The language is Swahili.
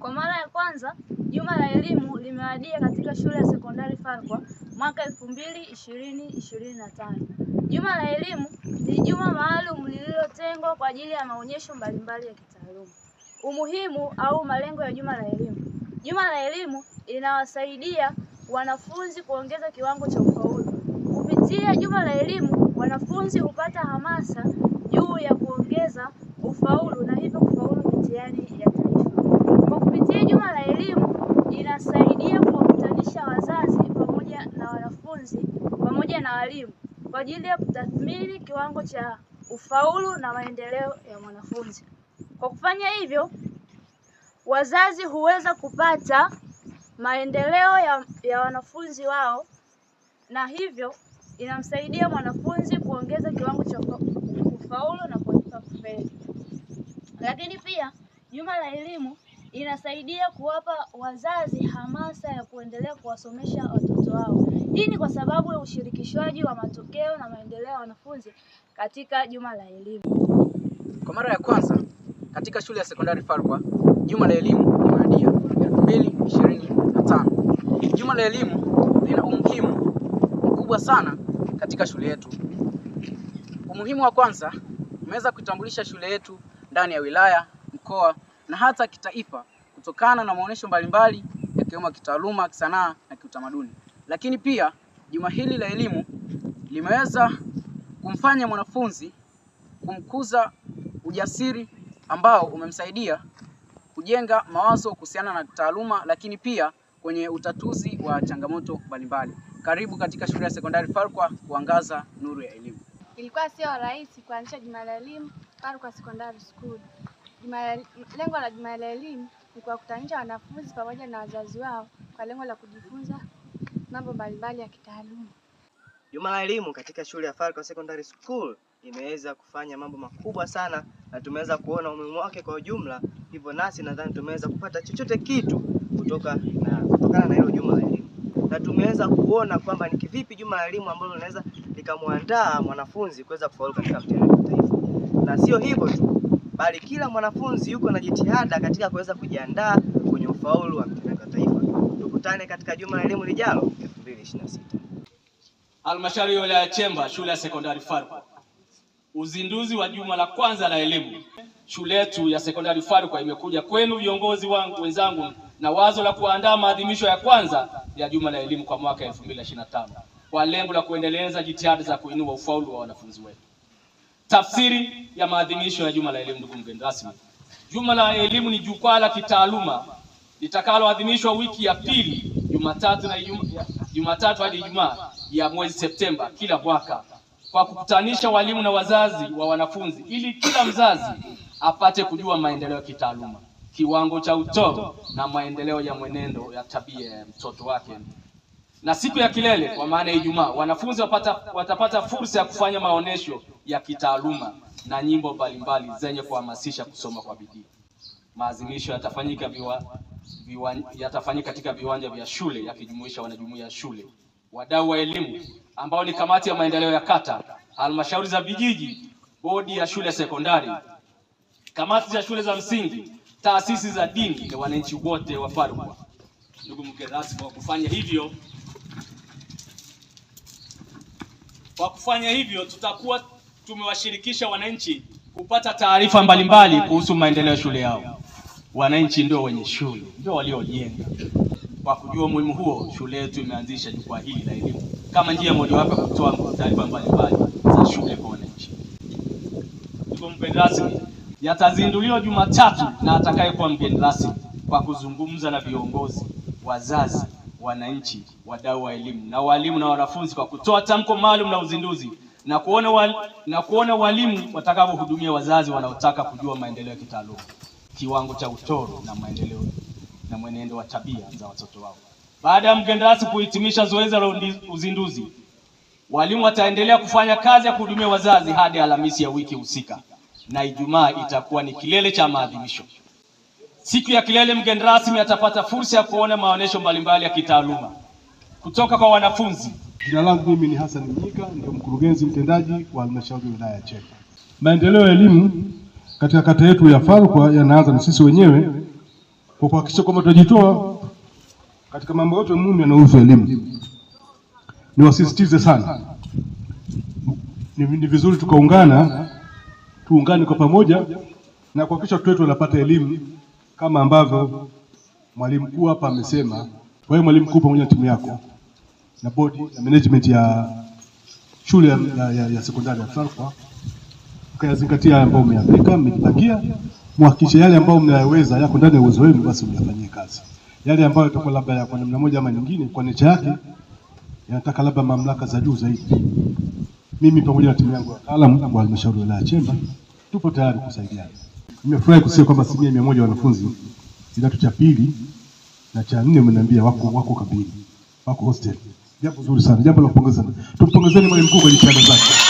Kwa mara ya kwanza juma la elimu limewadia katika shule ya sekondari Farkwa mwaka elfu mbili ishirini ishirini na tano. Juma la elimu ni juma maalum lililotengwa kwa ajili ya maonyesho mbalimbali ya kitaaluma. Umuhimu au malengo ya juma la elimu. Juma la elimu linawasaidia wanafunzi kuongeza kiwango cha ufaulu. Kupitia juma la elimu, wanafunzi hupata hamasa juu ya kuongeza ufaulu na hivyo kufaulu mitihani ya Kupitia Juma la Elimu inasaidia kuwakutanisha wazazi pamoja na wanafunzi pamoja na walimu kwa ajili ya kutathmini kiwango cha ufaulu na maendeleo ya mwanafunzi. Kwa kufanya hivyo, wazazi huweza kupata maendeleo ya, ya wanafunzi wao na hivyo inamsaidia mwanafunzi kuongeza kiwango cha ufaulu na kuepuka kufeli. Lakini pia Juma la Elimu inasaidia kuwapa wazazi hamasa ya kuendelea kuwasomesha watoto wao. Hii ni kwa sababu ya ushirikishwaji wa matokeo na maendeleo ya wanafunzi katika juma la elimu. Kwa mara ya kwanza katika shule ya sekondari Farkwa, juma la elimu na 2025. Juma la elimu lina umuhimu mkubwa sana katika shule yetu. Umuhimu wa kwanza, umeweza kuitambulisha shule yetu ndani ya wilaya, mkoa na hata kitaifa kutokana na maonyesho mbalimbali yakiwemo kitaaluma, kisanaa na kiutamaduni. Lakini pia juma hili la elimu limeweza kumfanya mwanafunzi kumkuza ujasiri ambao umemsaidia kujenga mawazo kuhusiana na taaluma, lakini pia kwenye utatuzi wa changamoto mbalimbali. Karibu katika shule ya sekondari Farkwa kuangaza nuru ya elimu. Ilikuwa sio rahisi kuanzisha juma la elimu Farkwa Secondary School. Lengo la Juma la Elimu ni kuwakutanisha wanafunzi pamoja na wazazi wao kwa lengo la kujifunza mambo mbalimbali ya kitaaluma. Juma la Elimu katika shule ya Falcon Secondary School imeweza kufanya mambo makubwa sana na tumeweza kuona umuhimu wake kwa ujumla, hivyo nasi nadhani tumeweza kupata chochote kitu kutoka na kutokana na hilo Juma la Elimu, na tumeweza kuona kwamba ni kivipi Juma la Elimu ambalo linaweza likamwandaa mwanafunzi kuweza kufaulu katika mtihani wa taifa, na sio hivyo tu bali kila mwanafunzi yuko na jitihada katika kuweza kujiandaa kwenye ufaulu wa mtihani wa taifa. Tukutane katika juma la elimu lijalo 2026. Halmashauri ya wilaya Chemba, shule ya sekondari Farkwa. Uzinduzi wa juma la kwanza la elimu shule yetu ya sekondari Farkwa imekuja kwenu viongozi wangu wenzangu na wazo la kuandaa maadhimisho ya kwanza ya juma la elimu kwa mwaka 2025 kwa lengo la kuendeleza jitihada za kuinua ufaulu wa wanafunzi wetu. Tafsiri ya maadhimisho ya Juma la Elimu. Ndugu mgeni rasmi, Juma la Elimu ni jukwaa la kitaaluma litakaloadhimishwa wiki ya pili, Jumatatu na Jumatatu hadi Ijumaa ya mwezi Septemba kila mwaka kwa kukutanisha walimu na wazazi wa wanafunzi ili kila mzazi apate kujua maendeleo ya kitaaluma, kiwango cha utoro na maendeleo ya mwenendo ya tabia ya mtoto wake na siku ya kilele kwa maana ya Ijumaa, wanafunzi wapata, watapata fursa ya kufanya maonesho ya kitaaluma na nyimbo mbalimbali zenye kuhamasisha kusoma kwa bidii. Maadhimisho yatafanyika viwa, viwa, yatafanyika katika viwanja vya shule yakijumuisha wanajumuiya ya shule, wadau wa elimu ambao ni kamati ya maendeleo ya kata, halmashauri za vijiji, bodi ya shule sekondari, kamati za shule za msingi, taasisi za dini na wananchi wote wa Farugwa. Ndugu mgeni rasmi, wa kufanya hivyo Kwa kufanya hivyo, tutakuwa tumewashirikisha wananchi kupata taarifa mbalimbali kuhusu maendeleo ya shule yao. Wananchi ndio wenye shule, ndio waliojenga. Kwa kujua umuhimu huo, shule yetu imeanzisha jukwaa hili la elimu kama njia mojawapo ya kutoa taarifa mbalimbali za shule kwa wananchi. Ndugu mgeni rasmi, yatazinduliwa Jumatatu na atakayekuwa mgeni rasmi kwa kuzungumza na viongozi, wazazi wananchi, wadau wa elimu na walimu na wanafunzi kwa kutoa tamko maalum la uzinduzi na kuona, wal, na kuona walimu watakavyohudumia wazazi wanaotaka kujua maendeleo ya kitaaluma, kiwango cha utoro na maendeleo na mwenendo wa tabia za watoto wao. Baada ya mkandarasi kuhitimisha zoezi la uzinduzi, walimu wataendelea kufanya kazi ya kuhudumia wazazi hadi Alhamisi ya wiki husika, na Ijumaa itakuwa ni kilele cha maadhimisho. Siku ya kilele, mgeni rasmi atapata fursa ya kuona maonyesho mbalimbali ya kitaaluma kutoka kwa wanafunzi. Jina langu mimi ni Hassan Mnyika, ndio mkurugenzi mtendaji wa halmashauri ya wilaya ya Chepe. Maendeleo ya elimu katika kata yetu ya Farkwa yanaanza na sisi wenyewe kwa kuhakikisha kwamba tunajitoa katika mambo yote muhimu yanayohusu elimu. Niwasisitize sana, ni, ni vizuri tukaungana, tuungane kwa pamoja na kuhakikisha watoto wetu wanapata elimu kama ambavyo mwalimu mkuu hapa amesema. Kwa hiyo mwalimu mkuu pamoja na timu yako na bodi ya management ya shule ya, ya, ya ya sekondari ya Farkwa mkayazingatia haya ambayo umeandika, mmejipangia, muhakikishe yale ambayo mnayaweza yako ndani ya uwezo wenu, basi myafanyie kazi. Yale ambayo yatakuwa labda ya kwa namna moja ama nyingine, kwa necha yake yanataka labda mamlaka za juu zaidi, mimi pamoja na timu yangu ya wataalamu wa halmashauri ya wilaya Chemba tupo tayari kusaidiana. Nimefurahi kusema kwamba asilimia mia moja wanafunzi kidato cha pili na cha nne umeniambia wako wako kabili wako hostel. Jambo zuri sana, jambo la kupongeza. Tumpongezeni mwalimu mkuu kwa jitihada zake.